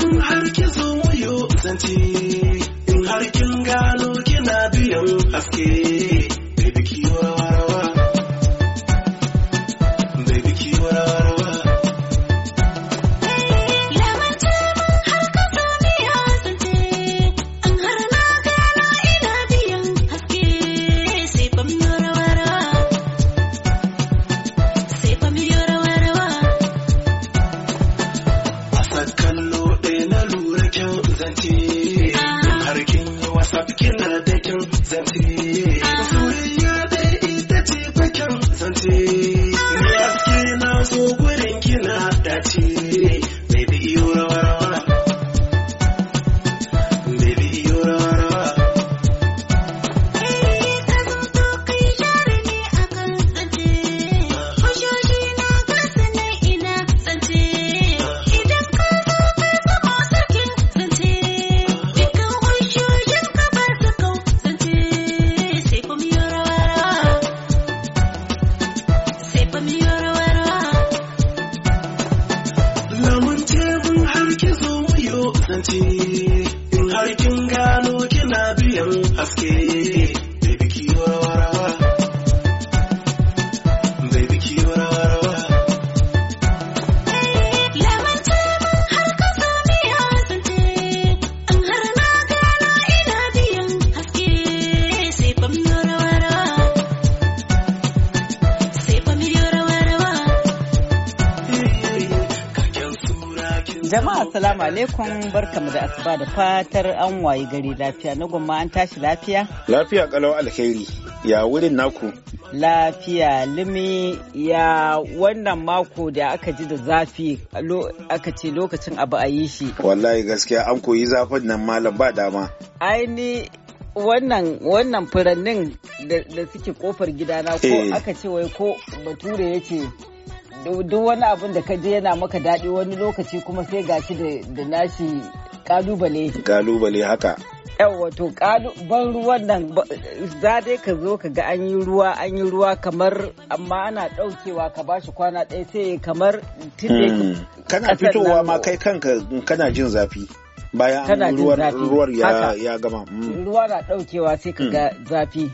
I'll ki zo mu Jama'a salamu alaikum barkamu da asuba da fatar an wayi gari lafiya na gwamma an tashi lafiya? Lafiya kalau alkhairi ya wurin naku. Lafiya limi ya wannan mako da aka ji da zafi aka ce lokacin abu a yi shi. Wallahi gaskiya an koyi zafin nan malam ba dama. Aini wannan wannan furannin da suke kofar gidana ko eh. aka ce wai ko bature ya ce duk wani abin da ka je yana maka daɗi wani lokaci kuma sai gashi da nashi kalubale kalubale haka Yau to ban ruwan nan za dai ka zo ka ga an yi ruwa an yi ruwa kamar amma ana daukewa ka bashi kwana ɗaya sai kamar hmm. kana fitowa ma kai kanka kana jin zafi bayan ruwan ya gama hmm. ruwa na daukewa sai ka hmm. ga zafi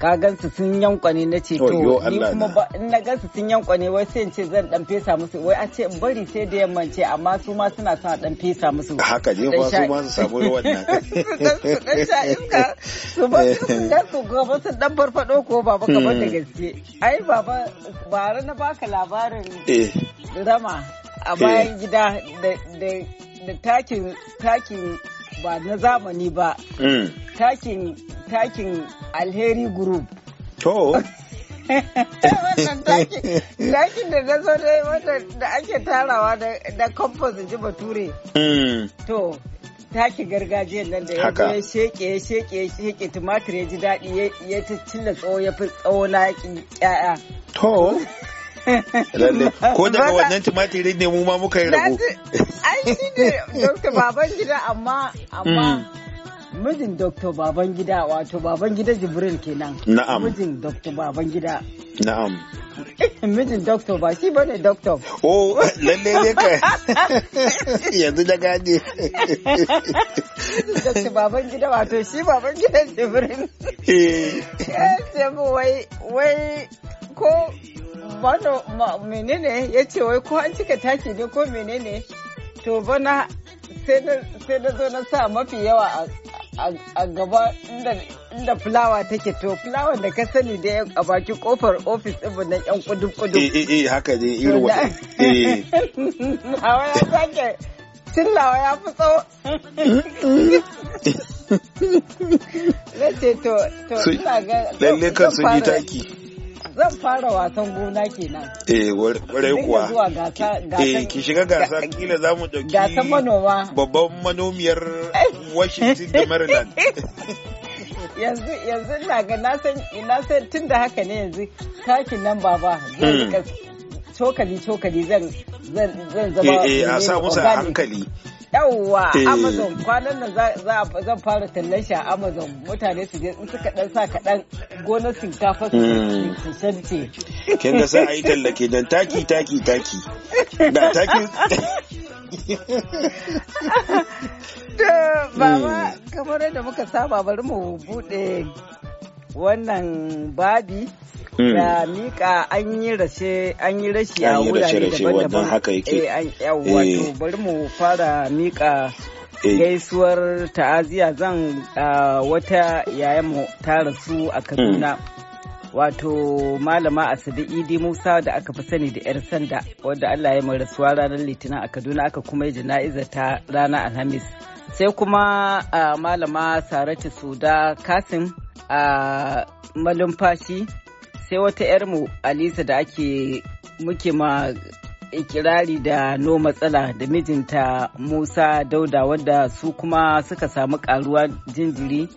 ka gansu sun yankwane na ce to ni kuma ba in na gansu sun yankwane wai sai ce zan dan fesa musu wai a ce in bari sai da yamma ce amma su ma suna son dan fesa musu haka je ba su ma su samu wannan su dan sha iska su ba su dan su gaba su dan farfado ko baba kamar da gaske ai baba bara na baka labarin rama a bayan gida da takin takin ba na zamani ba mm. takin alheri group to takin da na zo dai da ake tarawa da compost ji bature mm. to taki gargajiyar nan da ya sheke ya sheke ya sheke tumatir ya ji daɗi ya ta cilla tsawo ya fi tsawo na ƙyaya. to ko daga wannan tumatirin ne mu ma muka yi rabu. ai shi ne baban babangida amma amma hmm. mijin baban babangida wato babangida jibril kenan na'am mijin baban babangida na'am mijin doctor ba shi bane doctor oh lalle ne ka yanzu da gane doctor baban gida wato shi baban gida jibril eh sai mu wai wai ko bano menene ya ce wai ko an cika taki ne ko menene to bana sai na zo na sa mafi yawa a gaba inda fulawa take to fulawa da ka sani da a bakin kofar ofis ɗin na yan kudin kudin eh, eh eh haka ne irin wata eh hawa ya sake tillawa ya fi tsawo na ce to ina ga lalle kan sun yi taki zan fara wasan gona kenan eh kwarai kuwa eh ki shiga gasa kila za mu ɗauki. manoma babban manomiyar Washington da Maryland yanzu yanzu na ga na san na san haka ne yanzu taki nan baba zan hmm. cokali cokali zan zan zama eh, eh a sa hankali yawwa eh. amazon kwanan nan zan fara tallan shi a amazon mutane su je suka dan sa kaɗan gonar shinkafa su hmm. shance kin ga sai a yi tallake dan taki taki taki da taki Baba, hmm. kamar yadda muka saba bari mu bude wannan babi hmm. da mika an yi rashe an yi rashi a wurare daban-daban haka yake eh, wato eh. bari mu fara mika eh. gaisuwar ta'aziya zan wata yayan ta rasu a kaduna hmm. wato malama asidi idi musa da aka fi sani da 'yar sanda wadda allah ya rasuwa ranar litinin a kaduna aka kuma yi jana'iza ta rana alhamis sai kuma malama saratu suda kasim a malumfashi sai wata 'yarmu alisa da ake muke ma ikirari da no matsala da mijinta musa dauda wadda su kuma suka samu karuwa jinjiri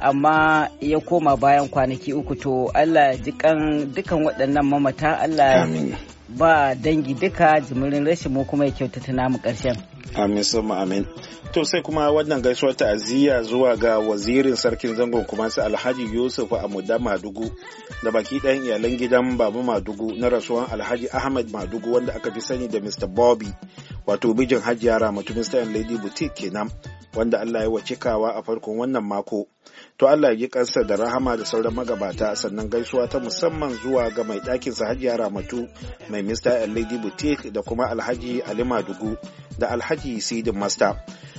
amma ya koma bayan kwanaki uku to allah jikan dukan waɗannan mamata allah ba dangi duka jimirin rashin mu kuma ya kyautata namu ƙarshen amin sama amin to sai kuma wannan gaisuwar ta'aziyya zuwa ga wazirin sarkin zangon kuma su alhaji yusuf a muda madugu da baki ɗayan iyalan gidan babu madugu na rasuwan alhaji ahmad madugu wanda aka fi sani da mr bobby wato bijin hajiyara ramatu mr lady boutique kenan wanda allah ya wa cikawa a farkon wannan mako to Allah ya kansa da rahama da sauran magabata sannan gaisuwa ta musamman zuwa ga mai ɗakin sa Hajiya Ramatu mai Mr. and Lady Boutique da kuma Alhaji Ali Madugu da Alhaji Sidin Master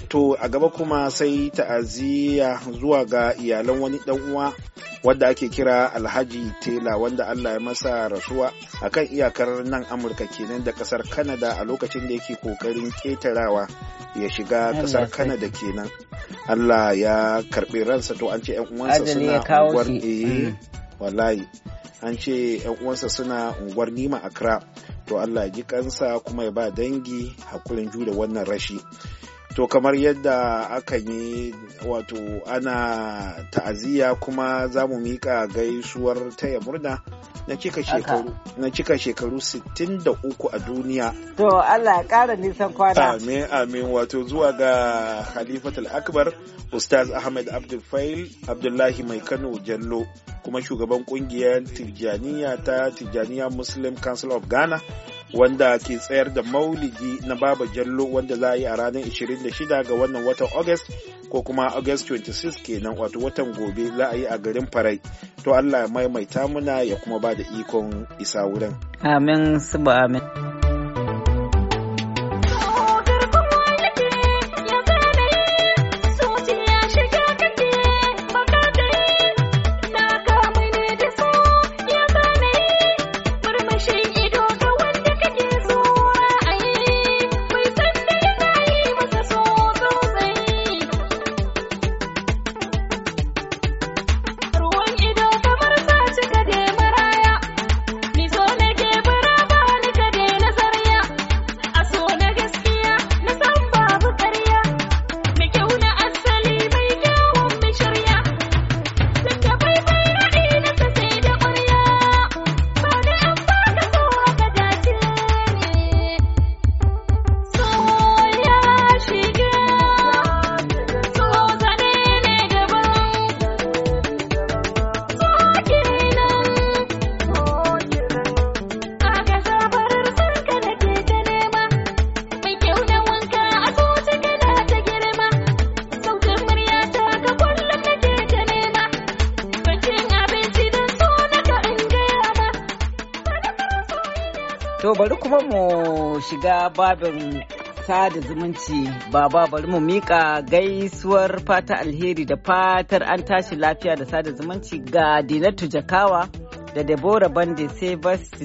to a gaba kuma sai ta'aziyya zuwa ga iyalan wani dan uwa wadda ake kira Alhaji Tela wanda Allah ya masa rasuwa akan iyakar nan Amurka kenan da kasar kanada a lokacin da yake kokarin ketarawa ya shiga kasar kanada kenan Allah ya karbi ransa uwansa to an ce yan uwansa suna unguwar eh mm. wallahi an ce yan uwansa suna unguwar nima accra to Allah ji kansa kuma ya ba dangi hakurin jure wannan rashi to kamar yadda aka yi wato ana ta'aziyya kuma za mu miƙa gaisuwar taya murna na cika shekaru na cika shekaru 63 a duniya to Allah ya kara nisan kwana amin amin wato zuwa ga Khalifatul Akbar Ustaz Ahmed Abdul Fail Abdullahi Mai Kano Jallo kuma shugaban kungiyar Tijjaniya ta Tijjaniya Muslim Council of Ghana wanda ke tsayar da maulidi na Baba Jallo wanda za a yi a ranar 26 ga wannan watan August ko kuma august 26 kenan wato watan gobe za a yi a garin farai to allah ya maimaita muna ya kuma ba da ikon isa wurin amin suba amin bari kuma mu shiga babin sada zumunci baba bari mu mika gaisuwar fata alheri da fatar an tashi lafiya da sada zumunci ga Dinatu Jakawa da Deborah Bande sai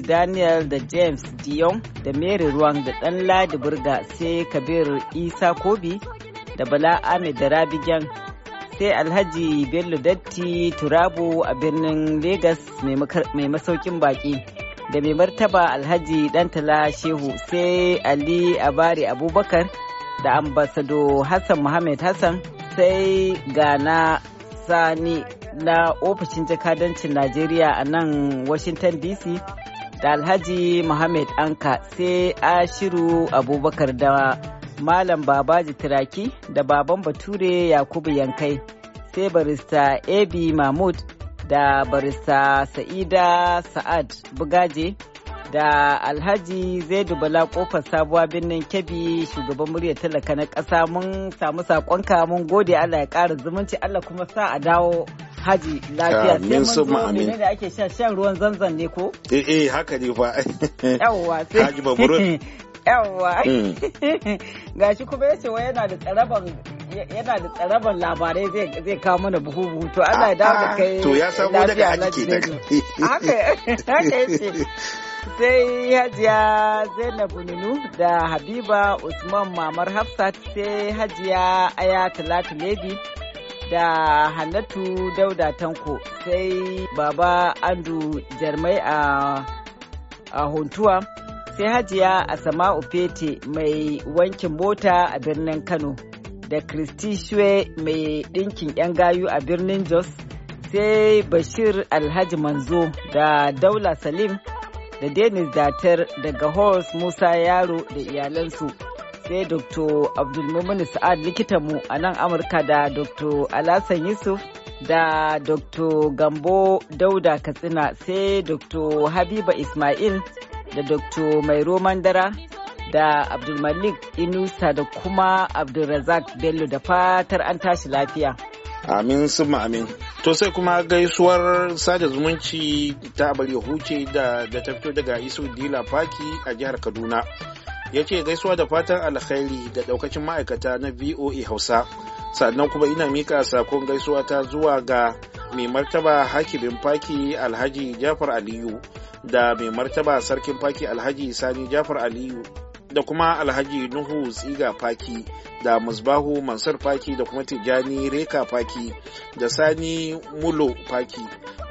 Daniel da James Dion da Mary Ruwan da Dan Ladi Burga sai Kabir Isa Kobi da Bala Ahmed da Rabigen sai Alhaji Bello Datti turabu a birnin Legas mai masaukin baki. da mai martaba alhaji dantala shehu sai ali abari abubakar da ambasado hassan muhammad hassan sai gana sani na ofishin jakadancin najeriya a nan washington dc da alhaji muhammad anka sai ashiru abubakar da malam babaji turaki da baban bature yakubu yankai sai barista ab mahmud da barista Sa'ida Sa'ad Bugaje da Alhaji zai dubala kofar sabuwa birnin Kebbi shugaban muryar talaka na ƙasa mun samu saƙonka mun gode Allah ya ƙara zumunci Allah kuma sa a dawo haji lafiya sai mun zo ne da ake sha shan ruwan zanzan ne ko? Eh eh haka ne fa. Yawwa sai. Haji Baburut. Yawwa. Mm. Gashi kuma yace wai yana da tsaraban yana da tsaraban labarai zai kawo mana buhu buhu to Allah ya dawo ah, kai to ya samu daga ake ke haka yace sai hajiya zainab nunu da habiba usman mamar hafsat sai hajiya aya talatu lady da hannatu dauda tanko sai baba andu jarmai a a huntuwa sai hajiya a sama'u fete mai wankin mota a birnin kano da Christishwe mai ɗinkin 'yan gayu a birnin Jos, sai Bashir Alhaji Manzo da Daula Salim da Denis Datar daga hos Musa Yaro da iyalansu. Sai Dr. Abdulmumin Sa'ad likitanmu a nan Amurka da Dr. Alasan Yusuf da Dr. Gambo Dauda Katsina sai Dr. Habiba Ismail da Dr. Mai dara da Abdulmalik Inusa da kuma Abdulrazak Bello da fatar an tashi lafiya. Amin sun amin. To sai kuma gaisuwar sada zumunci ta abar huce da, da ta fito daga Isu Dila Faki a jihar Kaduna. Ya ce gaisuwa da fatan alkhairi da daukacin ma'aikata na VOA Hausa. Sannan kuma ina mika sakon gaisuwa ta zuwa ga mai martaba hakimin faki alhaji Jafar Aliyu da mai martaba sarkin faki alhaji Sani Jafar Aliyu da kuma alhaji nuhu tsiga faki da musbahu mansur faki da kuma tijjani reka faki da sani mulo faki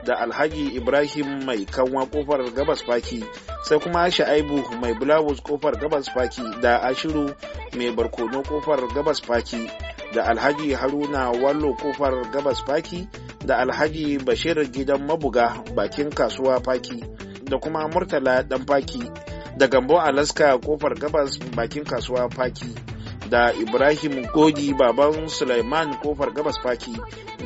da alhaji ibrahim mai kanwa kofar gabas faki sai kuma sha'aibu mai bulawus kofar gabas faki da ashiru mai barkono kofar gabas faki da alhaji haruna wallo kofar gabas faki da alhaji bashir gidan mabuga bakin kasuwa faki da kuma murtala dan faki da gambo alaska kofar gabas bakin kasuwa paki da ibrahim godi baban suleiman kofar gabas faki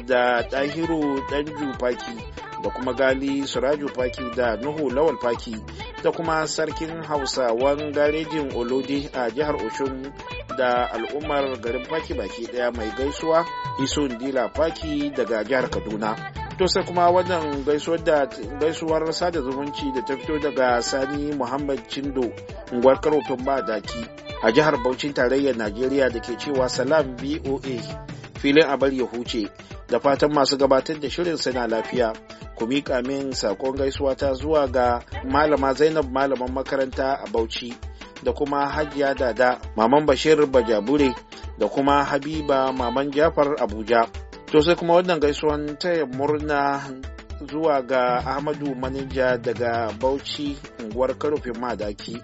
da tahiru danju faki da kuma gali suraju paki da nuhu lawal paki da kuma sarkin hausa hausawan garejin olodi a jihar oshun da al'ummar garin paki baki daya mai gaisuwa isu dila faki daga jihar kaduna to sai kuma wannan gaisuwar sada zumunci da ta fito daga sani muhammad cindo unguwar karofin ba daki a jihar bauchi tarayyar najeriya da ke cewa salam boa filin abar ya huce da fatan masu gabatar da shirin suna lafiya ku miƙa min saƙon gaisuwa ta zuwa ga malama zainab malaman makaranta a bauchi da kuma hajiya dada maman bashir bajabure da kuma habiba maman jafar abuja to sai kuma wannan gaisuwan taya murna zuwa ga ahmadu manija daga bauchi unguwar karofin madaki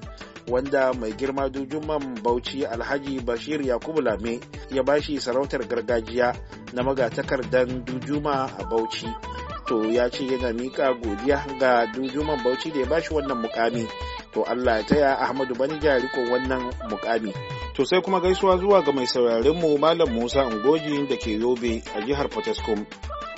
wanda mai girma dujuman bauchi alhaji bashir yakubu lame ya bashi sarautar gargajiya na magatakardan dujuma a bauchi to ya ce yana mika godiya ga dujuman bauchi da ya bashi wannan mukami to allah ya taya ahmadu ya riko wannan mukami To sai kuma gaisuwa zuwa ga mai mu Malam Musa ungoji da ke Yobe a jihar potaskum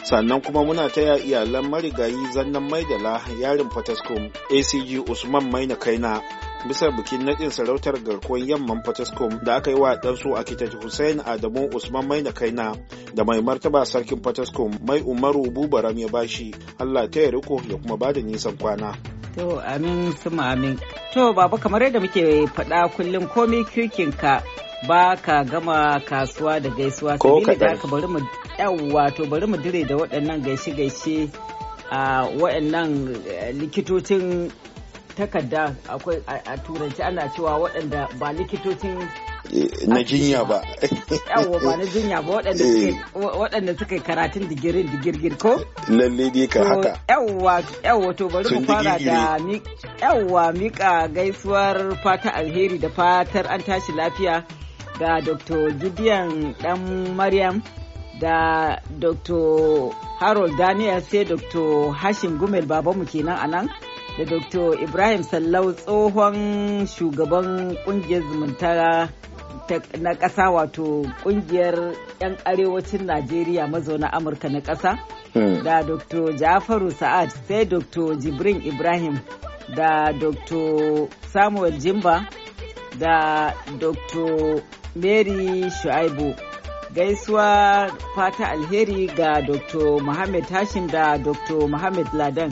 Sannan kuma muna taya iyalan marigayi zannan maidala yarin Potoskum ACG Usman Maina Kaina bisa bikin nadin sarautar garkuwar yamman Potoskum da aka yi wa ɗansu a kitaji Hussein Adamu Usman Maina Kaina da mai martaba sarkin Potoskum mai Umaru Bubaram ya bashi Allah ta ya riko ya kuma bada nisan kwana. To amin suma amin. To baba kamar yadda muke faɗa kullum komi kirkin ka ba ka gama kasuwa da gaisuwa Ko da aka bari mu yawwa to bari mu dire da waɗannan gaishe-gaishe a waɗannan eh, likitocin takarda akwai a turanci ana cewa waɗanda ba likitocin na jinya ba yawo ba na jinya ba waɗanda suka eh. yi karatun digirin digirgir ko lalle dai ka haka yawa yawa to bari mu fara da yawa mika gaisuwar fata alheri da fatar an tashi lafiya ga dr gideon dan maryam da dr harold daniel sai dr hashim gumel babanmu kenan a nan da dr ibrahim sallau tsohon shugaban ƙungiyar zumunta na ƙasa wato ƙungiyar 'yan arewacin Najeriya mazauna Amurka na ƙasa hmm. da Dr. Jafaru Sa'ad sai Dr. Jibrin Ibrahim da Dr. Samuel Jimba da Dr. Mary Shu'aibu. Gaisuwa fata alheri ga Dr. Muhammad Hashim da Dr. Muhammad Ladan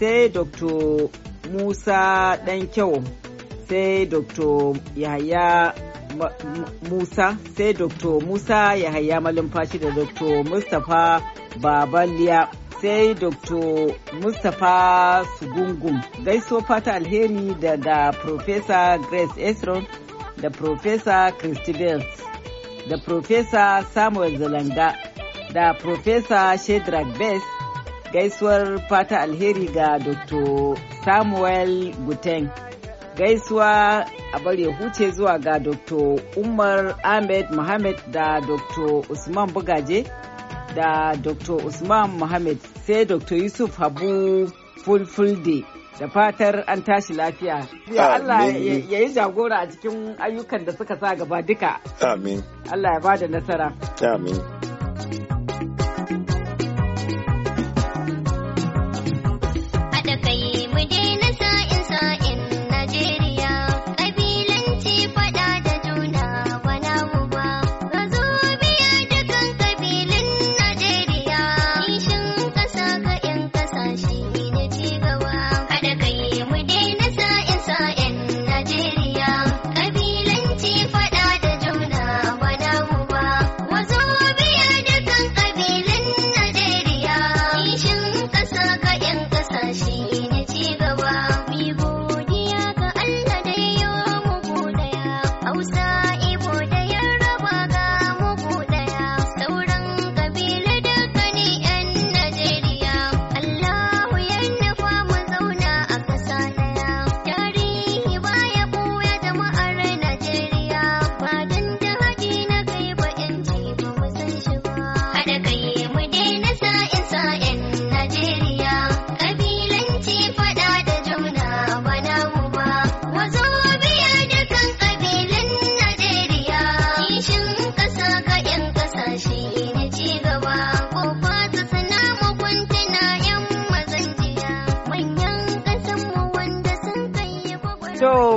sai Dr. Musa kyau sai Dr. Yahaya Musa sai Dr. Musa Yahaya Malumfashi da Dr. Mustapha Babaliya sai Dr. Mustapha Sugungum gaiso fata alheri daga Professor Grace Esron da Professor Christy Belt da Professor Samuel Zalanga da Professor Shedrack Best gaisuwar fata alheri ga Dr. Samuel Guteng. gaisuwa a bare huce zuwa ga dr umar ahmed mohamed da dr usman bugaje da dr usman mohamed sai dr yusuf habu fulfulde da fatar an tashi lafiya. Ya Allah ya yi jagora a cikin ayyukan da suka sa gaba duka. Amin. Allah ya bada nasara. Amin.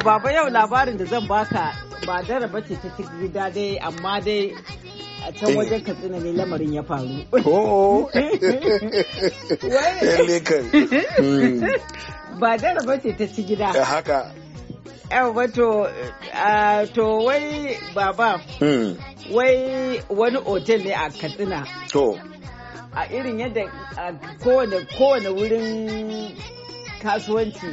baba yau labarin da zan baka ba dara bace ta gida dai amma dai a can eh. wajen katsina ne lamarin ya faru. Oh. Hmm. Ba dara bace ta ci gida. Eh, haka. Yau wato, to wai baba, hmm. wai wani otel ne a katsina. To. A irin yadda kowane wurin kasuwanci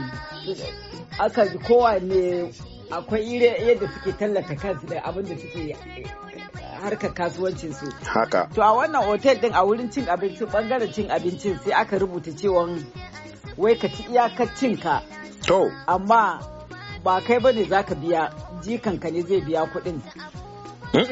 aka kowane akwai yadda suke tallata kansu da abin da suke harkar kasuwancin su. Haka. To a wannan otel din a wurin cin abincin bangaren cin abincin sai aka rubuta cewa wai ka ci iyakar cinka. To. Amma ba kai bane zaka biya jikanka ne zai biya kuɗin. a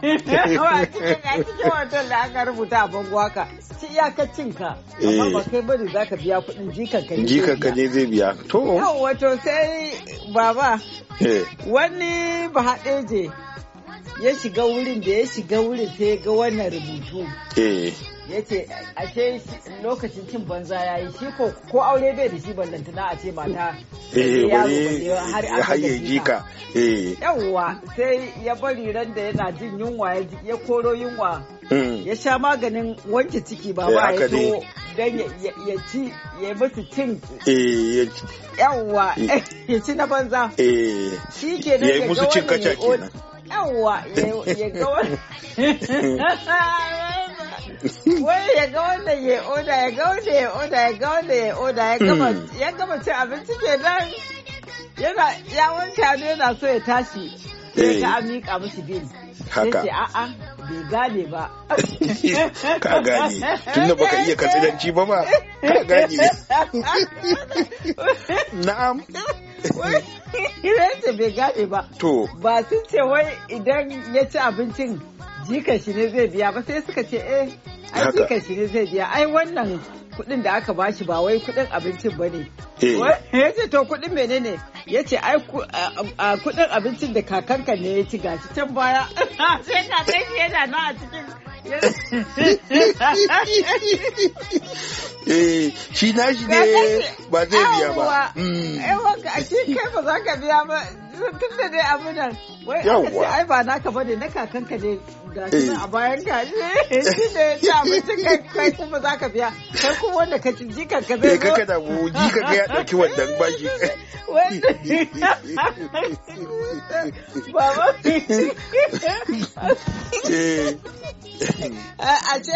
cikin hoton da aka rubuta a bango haka ci iyakacin ka amma ba kai bari za ka biya kuɗin jikan ka jikan ka ne zai biya to wato sai baba eh. wani ba haɗeje ya shiga wurin da ya shiga wurin sai ga wannan rubutu eh. ya ce ashe lokacin cin banza ya yi shi ko ko aure bai da shi ballantana a ce mata eh, har ya jika eh. yawwa sai ya bari ran da yana jin yunwa ya koro yunwa hmm. ya sha maganin wanke ciki ba ba eh, ya to don ya ci ya musu cin yawwa ya ci na banza shi ke ya yi musu cin kacha kenan yawwa ya ga wani wai ya ga wannan ya oda ya ga wanda ya oda ya ga wanda ya oda ya gama hmm. cin abinci ke nan yana ya wanke hannu yana so ya tashi sai ka eh. amika musu bin haka sai a'a bai gane ba ka gane tunda baka iya katsiranci ba ba ka gane na'am ce bai gane ba. To. Ba sun ce wai idan ya ci abincin Jika shi ne zai biya ba sai suka ce eh ai jika shi ne zai biya ai wannan kuɗin da aka bashi ba wai kuɗin abincin ba ne. Eh. Ya ce to kuɗin menene ya ce ai kuɗin abincin da kakanka ne ya ci gashi can baya. Sai eh, kakan shi yana na a cikin. Eh shi na shi ne ba zai biya ba. Ewa hmm. shi kai ba za ka biya ba. tun da dai abu nan wai aka ce ai ba naka bane na kakanka ne ga a eh. bayan ka ne eh, eh, shi ne ta abincin kai kuma za ka biya kai kuma wanda ka ci jikan ka zai zo kaka da mu jikan ka ya dauki wannan bashi wanda baba a ce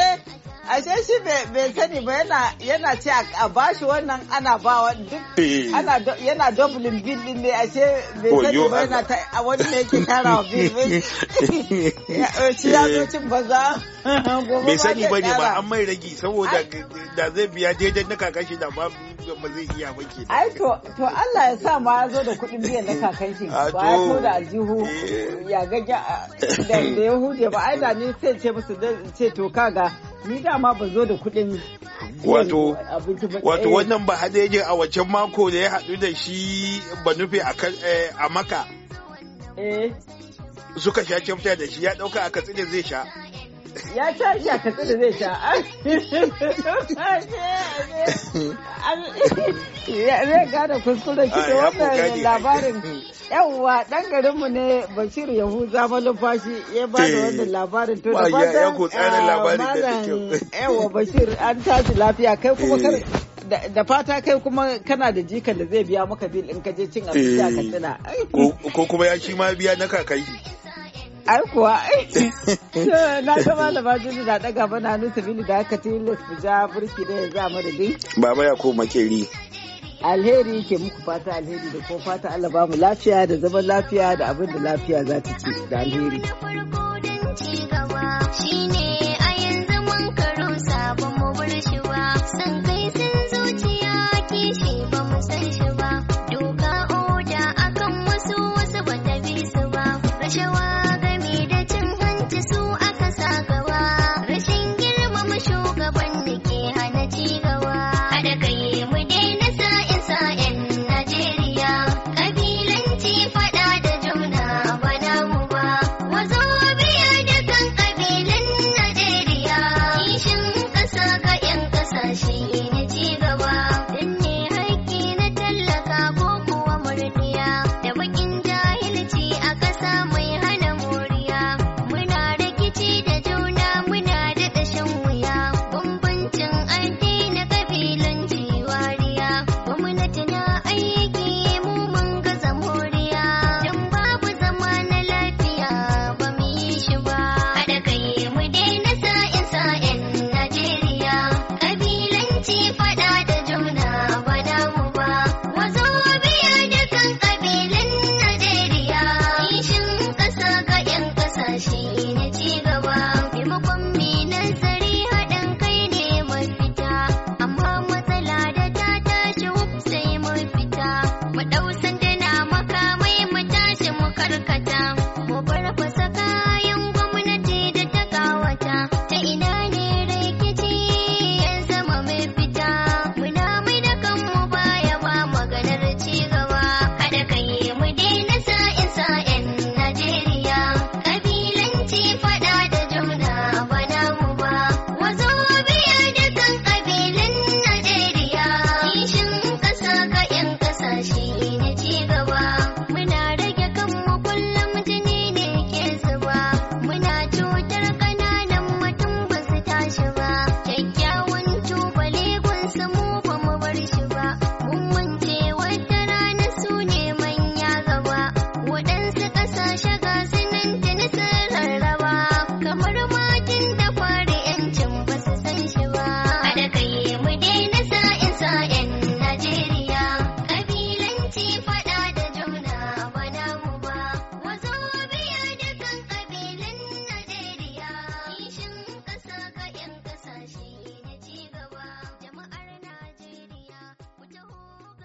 ashe shi bai sani ba yana yana ce a bashi wannan ana ba wa duk yana dublin billin ne ce bai sani yo yana ta a wani ne ke kara wa eh, shi ya zo cin baza bai sani ba ne ba an mai ragi saboda da zai biya daidai na kakashi da ba ba zai iya ba ke ai to to Allah ya sa ma ya zo da kuɗin biyan na kakashi ba ya zo da aljihu eh. ya ga da ya hude ba ai da ni sai ce musu ce to kaga ni dama ba zo da kuɗin wato wato eh. wannan ba hadeje a wancan mako da ya haɗu da shi ba nufi a eh, maka eh. suka sha camta da shi ya ɗauka a katsina zai sha ya sha shi a katsi da zai sha zai gane kuskuren shi da wannan labarin yawwa dan garinmu ne bashir yahuza lufashi ya ba da eh. wannan labarin to da fatan eh, yawwa bashir an tashi lafiya kai kuma kar eh. da fata kai kuma kana da jikan da zai biya maka bil in ka je cin abinci a katsina ko kuma ya shi ma biya na kakai ai kuwa na ga malama jini na daga bana nusa bini da aka tilas mu ja burki da yanzu a madadin baba ya ko makeri alheri ke muku fata alheri da ko fata Allah ba mu lafiya da zaman lafiya da abin da lafiya za ta ci da alheri shine